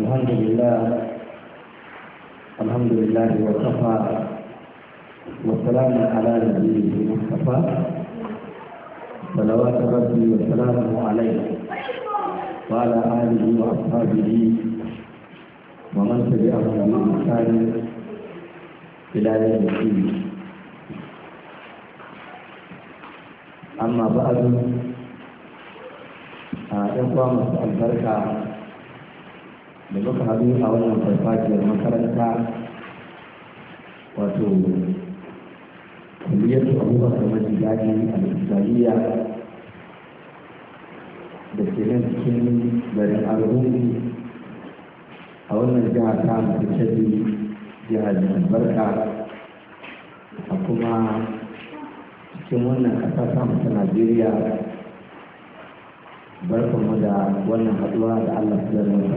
الحمد لله الحمد لله وكفى والسلام على نبيه المصطفى صلوات ربي وسلامه عليه وعلى اله واصحابه ومن تبعهم بإحسان إلى يوم الدين أما بعد إخوة البركة da muka haɗu a wannan farfajiyar makaranta wato kuliyar abubakar mafi daɗi a islamiyya da ke nan cikin garin arhuni a wannan jiha ta mafi jihar albarka a kuma cikin wannan ƙasa ta mafi najeriya barkanmu da wannan haɗuwa da allah su wa